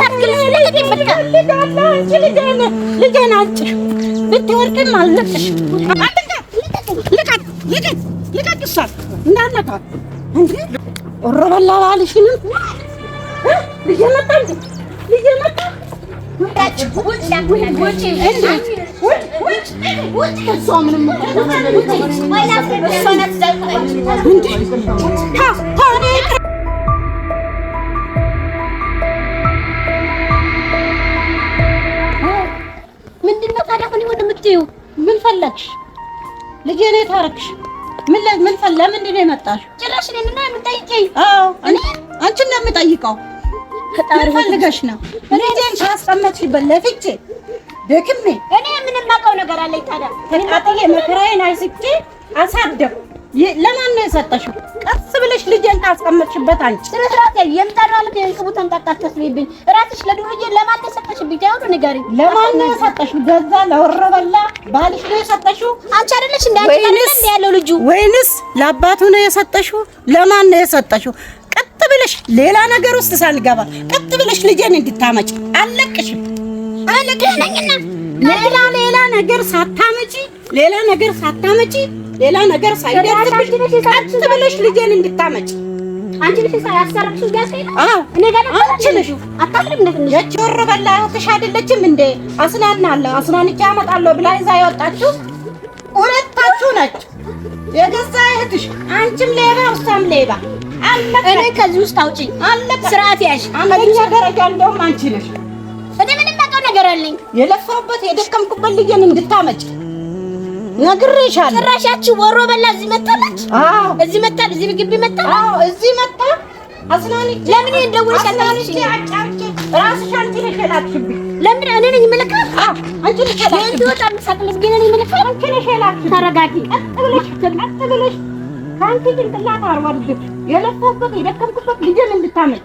ምንም ታዲያ ሁሉ ወደ ምትዩ ምን ፈለግሽ? ልጄ ነው ታረክሽ። ምን ምን ፈለ ምንድን ነው የመጣሽ? ጭራሽ እኔ ምን የምጠይቀኝ? አዎ እኔ አንቺን ነው የምጠይቀው። ምን ፈልገሽ ነው? እኔ ደም ለፍቼ ደክሜ እኔ ምንም የማውቀው ነገር አለኝ። ታዲያ ተቃጥዬ መከራዬን አይስቼ አሳደብ ለማን ነው የሰጠሽው? ብለሽ ልጄን ታስቀምጥሽበት አንቺ ስነ ስርዓት ያይ የምጠራ ልክ የእንቅቡ ተንጣጣት ተስሪብኝ ራስሽ ለዱርዬ ለማን የሰጠሽብኝ? ያው ነው ንገሪኝ። ለማን ነው የሰጠሽው? ገዛ ለወረበላ ባልሽ ነው የሰጠሽው? አንቺ አይደለሽ እንደ አንቺ ታነስ ያለው ልጁ ወይንስ ለአባቱ ነው የሰጠሽው? ለማን ነው የሰጠሽው? ቀጥ ብለሽ ሌላ ነገር ውስጥ ሳልገባ ቀጥ ብለሽ ልጄን እንድታመጭ አለቅሽም አለቅሽ ነኝና ሌላ ሌላ ነገር ሳታመጪ ሌላ ነገር ሳታመጪ ሌላ ነገር ሳይደርስብሽ ቀጥ ብለሽ ልጄን እንድታመጪ አንቺ ልጅ ሳያሰራሽ ጋር አዎ እኔ ጋር አንቺ ልጅ አታፍሪም እንዴ የጆሮ በላ እህትሽ አይደለችም እንዴ አስናናለሁ አስናንቄ አመጣለሁ ብላ ይዛ ያወጣችሁ ሁለታችሁ ናችሁ የገዛ እህትሽ አንቺም ሌባ እሷም ሌባ አለቀ እኔ ከዚህ ውስጥ አውጪኝ አለቀ ስርዓት ያሽ አንደኛ ደረጃ እንደውም አንቺ ነሽ ነገር አለኝ። የለፋሁበት የደከምኩበት ልጄን እንድታመጭ ነግሬሻለሁ። ጭራሻችሁ ወሮ በላ እዚህ መጣለች። አዎ እዚህ መጣ፣ እዚህ ግቢ መጣ። አዎ እዚህ መጣ። አስናኒ ለምን እንደውልሽ አስናኒ አጫጭ ራስሽ አንቺ ነሽ ለምን እኔ ነኝ መልካ? አዎ አንቺ ነሽ የላክሽብኝ። እንዴ ወጣ ምሳክልሽ ግን እኔ መልካ አንቺ ነሽ የላክሽብኝ። ተረጋጊ። ቀጥ ብለሽ ቀጥ ብለሽ ካንቺ ጭንቅላት አርባ ልጆች የለፋሁበት የደከምኩበት ልጄን እንድታመጭ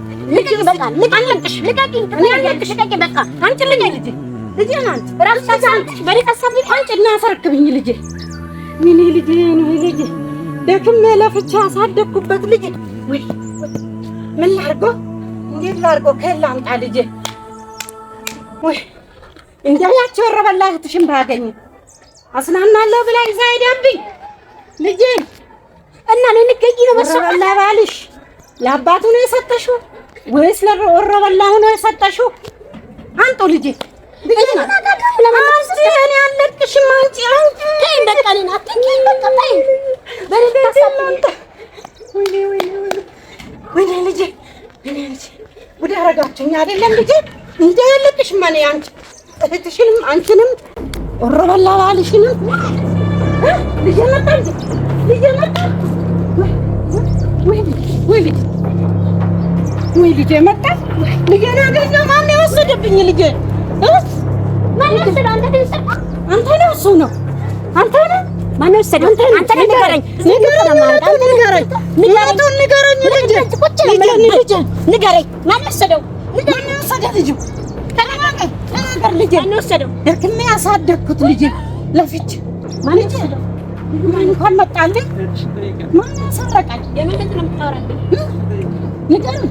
ልቀቂ፣ በቃ አለቅሽ፣ ልቀቂ፣ ነው ልጄ፣ ደክሜ ለፍቼ ያሳደግኩበት ልጄ። ምን ላርጎ፣ እንዴት ላርጎ፣ ከየት ላምጣ ልጄ? ወይ እንዲያው ያቺ እህትሽን ባገኝ አስናናለሁ ብላ ይዛ ሄዳብኝ ልጄ እና ለንገጊ ነው መሰለኝ ለባልሽ ለአባቱ ነው የሰጠሽው። ወይስ ለወሮ በላሁ ነው የሰጠሽው? አንጡ ልጄ ወደ አረጋችሁኝ አይደለም ልጄ እንደ ልቅሽማ እኔ አንቺ እህትሽንም አንቺንም ወሮ ባልሽንም ልጄ መጣ ልጄ መጣ ወይ ወይ ወይ ልጄ መጣ። ልጄን አገኘው። ማነው የወሰደብኝ? ልጄ አንተ ነው። እሱ ነው። አንተ ነው። ማነው የወሰደው? አንተ ነው። አንተ ንገረኝ፣ ንገረኝ፣ ንገረኝ፣ ንገረኝ፣ ልጄ ንገረኝ። ማነው የወሰደው? ማነው የወሰደው? ልጄ ተናገር፣ ልጄ ማነው የወሰደው? ደርክሜ ያሳደግኩት ልጄ ለፍቼ ማነው የወሰደው? እንኳን መጣልኝ። ማነው ሰረቀኝ? የምንድን ነው የምታወራኝ? ንገረኝ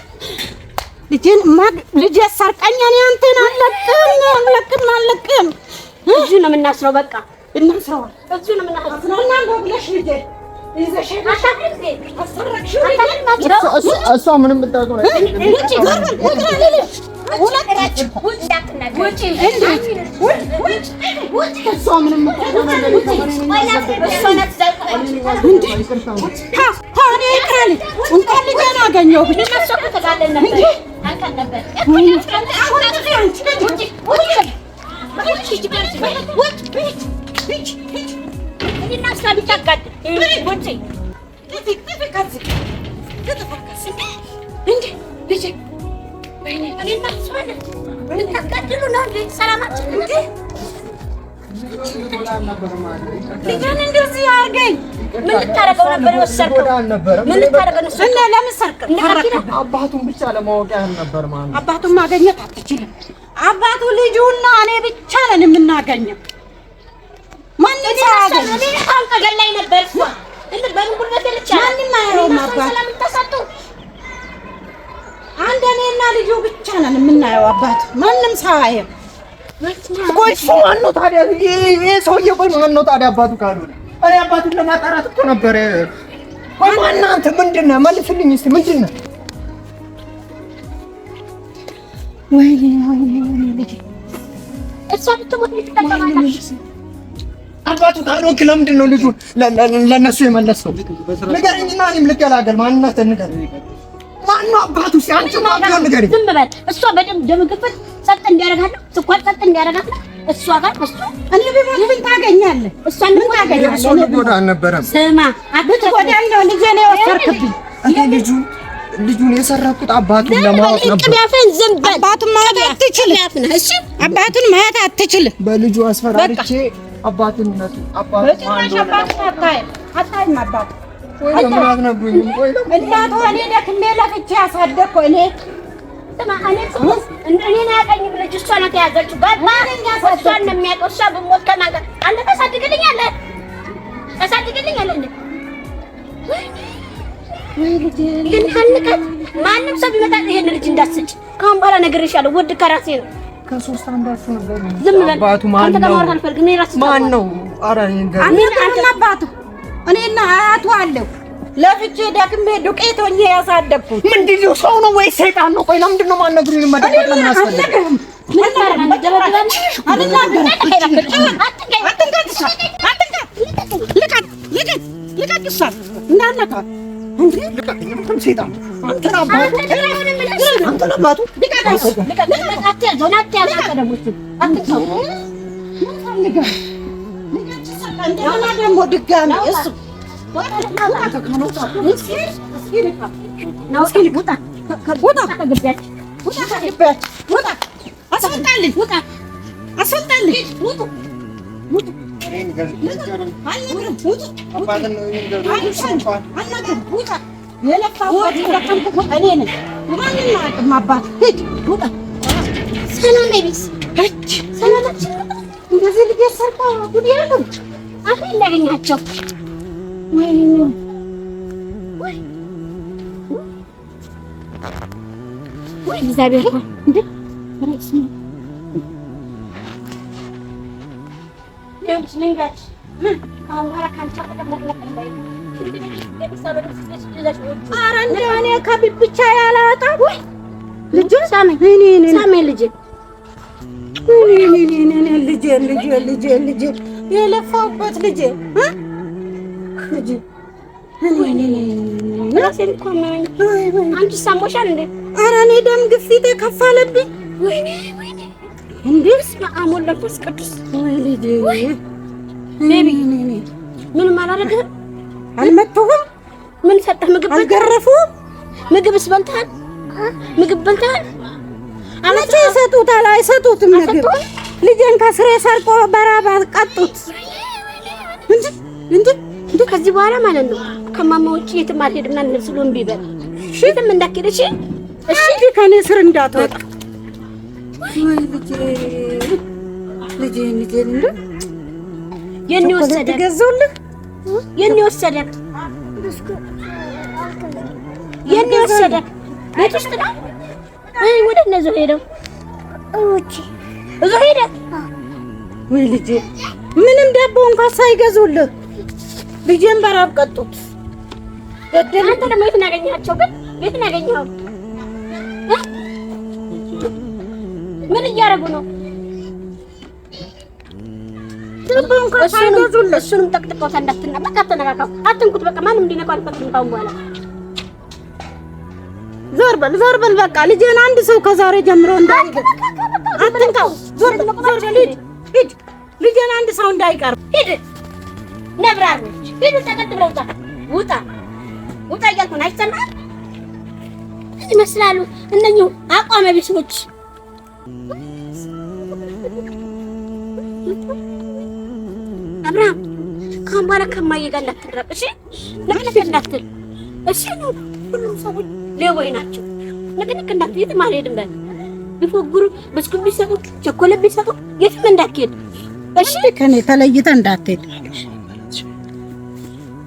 ልጄን ማግ ልጄ ሰርቀኛ ነው። አንተን አለቅም አለቅም አለቅም። እዚህ ነው የምናስረው። በቃ እናስረው። እዚህ ነው የምናስረው። እሷ ምንም ብታውቀው ነገር ሰላማችን እንደዚህ አድርገኝ ምን አባቱን ብቻ ለማወቅ ያህል ነበር ማለት። አባቱን ማገኘት አትችልም። አባቱ ልጁና እኔ ብቻ ነን የምናገኘው። ማንም አንድ እኔና ልጁ ብቻ ነን የምናየው። አባቱ ማንም ሰው ማነው ታዲያ? ይሄ ሰውዬ ቆይ ማነው ታዲያ አባቱ ካልሆነ እኔ አባቱን ለማጣራት እኮ ነበር። ቆይ እናንተ ምንድን ነህ? መልስልኝ እስኪ ምንድን ነህ? ወይኔ ወይኔ ወይኔ ልጄ እሷ አባቱ ካልሆንክ ለምንድን ነው ልጁን ለእነሱ የመለሰው ንገረኝና እኔም ልገላገል። ማንነትህን ንገረኝ። ማነው አባቱ? አንቺ ማን ቢሆን ዝም በል። እሷ በደምብ ደም ግብት ጸጥ እንዲያደርጋለሁ፣ ስኳር ጸጥ እንዲያደርጋለሁ እሷ ጋር እሱ እኔ ምን ታገኛለህ? እሷን ምን ታገኛለህ? ልትጎዳ አልነበረም። ስማ ልትጎዳ ነው። ልጄ ነው የወሰድክብኝ። እኔ ልጁ ልጁን የሰረኩት አባቱን ለማወቅ ነበር። ያፈን ዝም በል። አባቱን ማየት አትችልም። እሺ አባቱን ማየት አትችልም። በልጁ አስፈራርቼ አባትነቱ አባቱ አባቱ አታይም፣ አታይም አባቱ ወይ ለምን አትነግሩኝም? ወይ ለምን እንዳትሆን እኔ ደክሜ ለፍቼ ያሳደግኩህ እኔ አያጋጥማ እኔ ጽሁፍ እኔን አያውቀኝም። ልጅ እሷ ናት የያዘችው። ገባ እሷን ነው የሚያውቀው። እሷ ብሞት ከማን ጋር አንተ ታሳድግልኛለህ? ታሳድግልኛለህ? ግን አንቀት ማንም ሰው ቢመጣ ይሄን ልጅ እንዳትስጭ ከአሁን በኋላ ነግሬሻለሁ። ውድ ከራሴ ነው ከሶስት አንዳችሁ ነበር። ዝም በል አባቱ ማን ነው? ማን እኔ አባቱ አያቱ አለሁ ለፍቼ ደክሜ ዱቄት ሆኜ ያሳደግኩት ምንድን ነው? ሰው ነው ወይስ ሰይጣን ነው? ቆይ ለምንድን ነው የማትነግሪኝ? ልቀቅ ደግሞ ድጋሚ እሱ ሰላም እንደዚህ ልጅ ሰርቀው ጉድ ያለው አሁን ላገኛቸው እግዚአብሔር እንደ እኔ ከቤት ብቻ ያላወጣም ልጁን ሳመኝ ሳመኝ ልጄን ልጄን ልጄን ልጄን ልጄን የለፋሁበት ልጄን ልጅ አንቺ ሳሞሻል እንዴ? ኧረ እኔ ደም ግፊቴ ከፍ አለብኝ። እንዴስ ማአሞል ለፈስ ቅዱስ ምንም አላደረግህም? አልመታሁም። ምን ሰጠህ? ምግብ አልገረፉም። ምግብስ በልተሃል? ምግብ በልተሃል? መቼ ይሰጡታል? አይሰጡትም ምግብ። ልጄን ከስሬ ሰርቆ በራባ ቀጡት እንጂ እንጂ እንዴ ከዚህ በኋላ ማለት ነው ከማማዎች የትም አልሄድም። እና ልብስ ሉን ቢበል እሺ፣ የትም እንዳትሄድ እሺ፣ እሺ። እንዴ ከኔ ስር እንዳትወጣ ወይ ልጅ ልጅ እንዴ የኔ ወሰደ ገዘውልህ የኔ ወሰደ የኔ ወሰደ ቤት ውስጥ ነው አይ ወደ እነዛ ሄደው እውጪ እዛ ሄደ ወይ ልጅ ምንም ዳቦ እንኳን ሳይገዙልህ ልጄን በራብ ቀጡት። አንተ ደግሞ የት እናገኘሃቸው? ግን የት እናገኘኸው? ምን እያደረጉ ነው? እሱንም ጠቅጥቀውታ እንዳትና በቃ አትነካካው፣ አትንኩት። በቃ ማንም እንዲነካው ካሁን በኋላ። ዞር በል ዞር በል በቃ ልጄን አንድ ሰው ከዛሬ ጀምሮ ልጄን አንድ ሰው እንዳይቀርብ ሂድ ሂድ፣ ውጣ፣ ቀጥ ውጣ፣ ውጣ፣ ውጣ እያልኩ ነው። አይሰማህም? ይመስላሉ እነኚሁ አቋመ ቢሶች። አብርሃም ካሁን በኋላ ከማዬ ጋር እንዳትራቅ እሺ፣ ንቅንቅ እንዳትል እሺ። ሁሉም ሰዎች ሌቦች ናቸው። ንቅንቅ እንዳትል፣ የትም አልሄድም በል። ቢፎግሩ ብስኩት ቢሰጡ፣ ቸኮሌት ቢሰጡ፣ የትም እንዳትሄድ እሺ። ከእኔ ተለይተህ እንዳትሄድ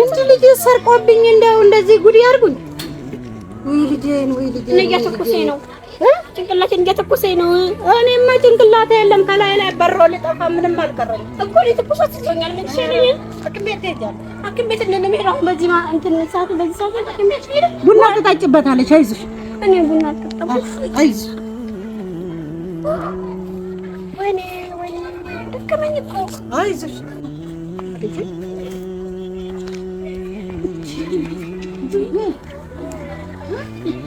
እንዲ ልጅ ሰርቆብኝ እንደው እንደዚህ ጉድ ያርጉኝ። ወይ ልጄን፣ ወይ ልጄን እያተኩሰኝ ነው ጭንቅላት እያተኩሰኝ ነው። እኔማ ጭንቅላት የለም ከላይ ላይ በሮ ልጠፋ ምንም አልቀረኝ እኮ እኔ ትኩሳት ይዞኛል። ምን ይሻለኝ? ሐኪም ቤት ሄጃለሁ። ሐኪም ቤት እንደምሄደው በዚህ ማ እንትን ሰዓት በዚህ ሰዓት ሐኪም ቤት ሄደ። ቡና ትጣጭበታለች። አይዞሽ። እኔ ቡና አልጠጣም። አይዞሽ። ወይኔ ወይኔ ደከመኝ እኮ። አይዞሽ ልጄ 你。